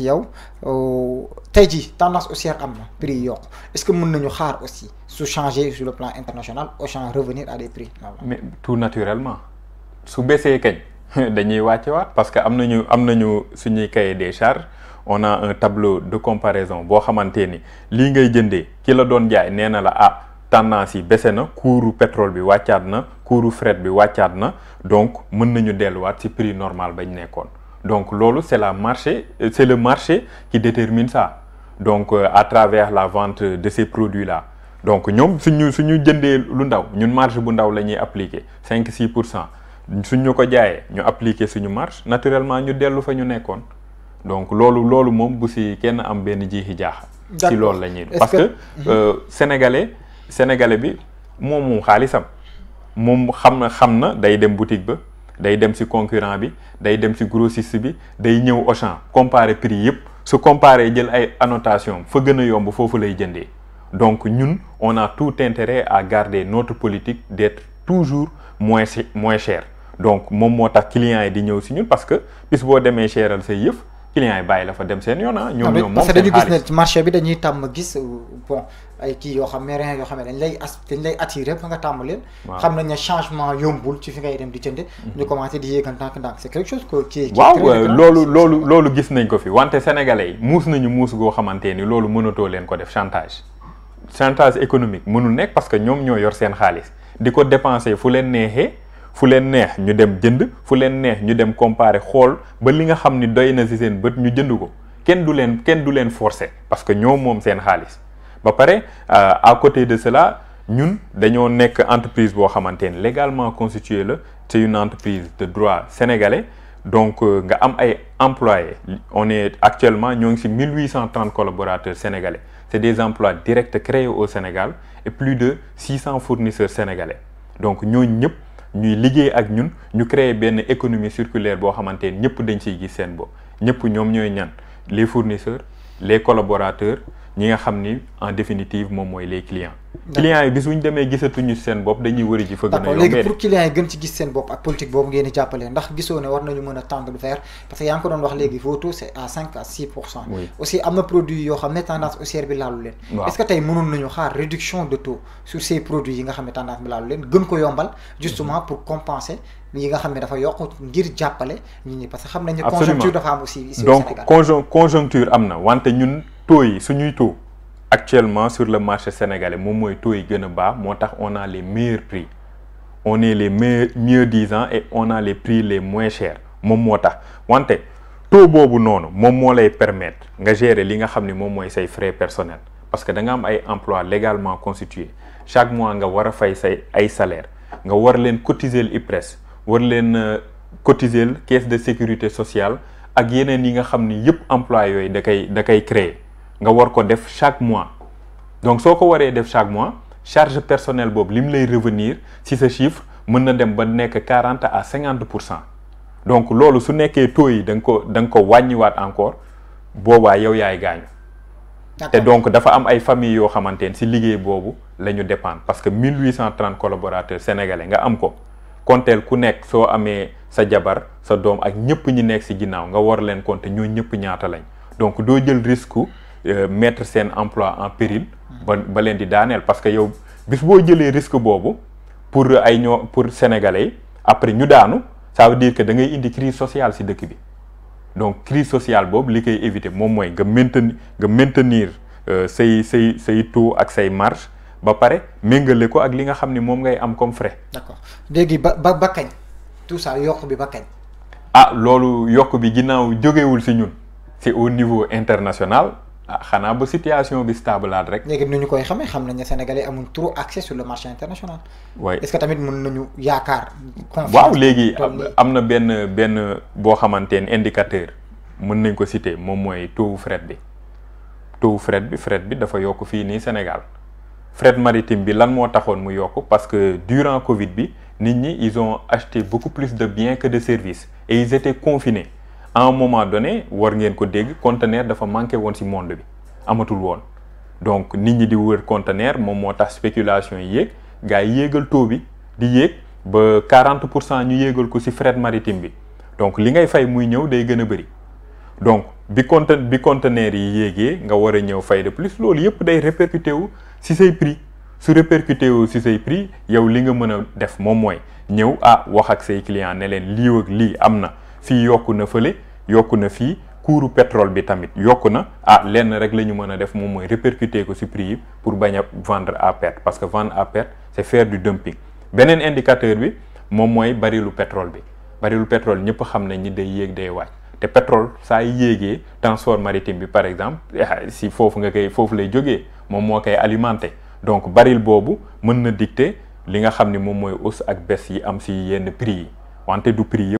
ci yow euh, tendance prix est-ce que nous nañu aussi changer sur le plan international revenir à des prix tout naturellement dañuy parce que am nañu suñuy des charges on a un tableau de comparaison la jaay la ah tendance yi pétrole bi fret bi donc mën nañu ci prix normal donc euh, c'est le marché qui détermine ça donc euh, à travers la vente de ces produits là donc si nous avons une marge bu appliquer 5 6 si nous avons appliqué ko marge naturellement nous avons fa ñu nekkoon donc c'est ce que nous avons kenn am parce que les euh, sénégalais sénégalais bi moom que xaalisam moom xam day boutique day dem ci concurrent bi day dem des grossiste bi day ñëw Auchan comparer prix yep su comparer jël ay annotation fa gën yomb fofu lay donc nous, on a tout intérêt à garder notre politique d'être toujours moins moins cher donc mon motax client clients yi di ñew si ñun parce que bis boo demee cheral cher, client yi bàyyi la fa dem sen yoon ah. ñom ñom ñoom moom dañu gis ne ci marché bi dañuy tam gis euh, bon ay ki yo xam mairin yo xam dañ lay as dañ lay attiré ba nga tam leen. xam nañ changement yombul ci fi ngay dem di jënd. Mhm. ñu commencé di yéegal tank tank c'est quelque chose que. qui est waaw lolu lolu lolu gis nañ ko fi wante sénégalais yi nañu muus go xamante ni loolu mënatoo leen ko def chantage. chantage économique mënul nek parce que ñom ñoo yor seen xaalis di dépenser fu leen nexé fu leen neex ñu dem jënd nous leen neex ñu dem comparer xool ba li nga nous ni doy nous nous seen bët ñu jënd ko kenn du leen parce que nous ba euh, à côté de cela nous sommes une entreprise qui est légalement constituée c'est une entreprise de droit sénégalais donc euh, nous avons ay employés on est actuellement nous 1830 collaborateurs sénégalais c'est des emplois directs créés au Sénégal et plus de 600 fournisseurs sénégalais donc nous ñëpp. Nous liguer avec nous ñu créer une économie circulaire pour xamante ne ñëpp dañ ciy gis seen les fournisseurs les collaborateurs ñi nga xam ni en définitive moom mooy les clients. clients yi bis bu ñu demee gisatuñu seen bopp dañuy wëri ji fëgg na yow léegi pour clients yi gën ci gis seen bopp ak politique boobu ngeen di jàppale ndax gisoo ne war nañu mën a tendre vers parce que yaa ngi ko doon wax léegi vos taux c'est à cinq à six pour cent aussi am na produit yoo xam ne tendance haussière bi laalu leen est-ce que tey mënoon nañu xaar réduction de taux sur ces produits yi nga xam ne tendance bi laalu leen gën ko yombal justement pour compenser yi nga xam ne dafa yokk ngir jàppale ñi ñi parce que xam nañu conjoncture dafa am aussi ici au Sénégal donc conjoncture am na wante ñun taux ce suñuy tout. actuellement sur le marché sénégalais Momo et toi yi gën a on a les meilleurs prix on est les meilleurs mieux disant et on a les prix les moins chers moom moo tax wante taux boobu noonu moom moo lay permettre nga gérer li nga xam Momo moom say frais personnels parce que da nga am ay légalement constitué. chaque mois nga war faire fay say ay salaires nga war leen cotiser l'IPRES. war leen euh, cotiser caisse de sécurité sociale ak yeneen yi nga xam yëpp emploi yooyu da koy da créer nga war ko def chaque mois donc soko waré def chaque mois charge personnelle bob lim lay revenir si ce chiffre mën na dem ba nek 40 à 50% donc lolu su nekkee taux yi da nga ko da nga ko wàññiwaat encore boobaa yow yaay gaañu. et donc dafa am ay famille yo xamantene ne si liggéey boobu la dépendre parce que 1830 collaborateurs sénégalais nga am ko konteel ku nek so amé sa jabar sa dom ak ñepp ñi nek ci ginnaw nga war leen compter ñoo ñepp ñaata lañ donc do jël risque. Euh, mettre seen emploi en péril. ba ba di daaneel parce que yow bis boo jëlee risque boobu pour ay pour sénégalais après ñu daanu ça veut dire que da ngay indi crise sociale ci dëkk bi donc crise sociale boobu li koy éviter moom mooy nga maintenir nga maintenir euh, say say say taux ak say marche, ba pare méngale ko ak li nga xamni mom ngay am comme frais. d'accord léegi ba ba ba kañ tout ça yok bi ba kañ. ah loolu yok bi ginnaaw jógewul ci ñun c'est au niveau international. Nous ah, xanaa ba situation rek. sénégalais trop accès sur le marché international. est-ce que tamit mën nañu yaakaar. waaw léegi am benn indicateur mën nañ ko citer moom fret bi taux fret bi fret bi dafa Sénégal fret maritime bi lan parce que durant Covid ils ont acheté beaucoup plus de biens que de services et ils étaient confinés. à un moment donné war ngeen ko dégg conteneur dafa manqué won si monde bi amatul won donc nit ñi di wër conteneur mom moo tax spéculation yi gaay gars taux bi di yéeg ba 40 ñu yéegal ko si fret maritime bi donc li ngay fay muy ñëw day gëna bëri donc bi conteneur bi conteneur yi yéegee nga wara a ñëw fay de plus loolu yépp day répercuté wu si say prix su répercuté wu ci say prix yow li nga mëna a def mom moy ñew ah wax ak say client ne len li ak li amna fi yokuna feulé yokuna fi couru pétrole bi tamit yokuna na ah lenn rek lañu mëna def mom moy répercuter ko ci prix pour baña vendre à perte parce que vendre à perte c'est faire du dumping benen indicateur bi mom moy barilu pétrole bi barilu pétrole ñëpp xam ñi ni day yéeg day wacc té pétrole ça yégué transport maritime bi par exemple eh, si fofu nga kay fofu lay joggé mom mo kay alimenté donc baril bobu mëna dicter li nga xam mom moy hausse ak baisse yi am ci yenn prix wanté du prix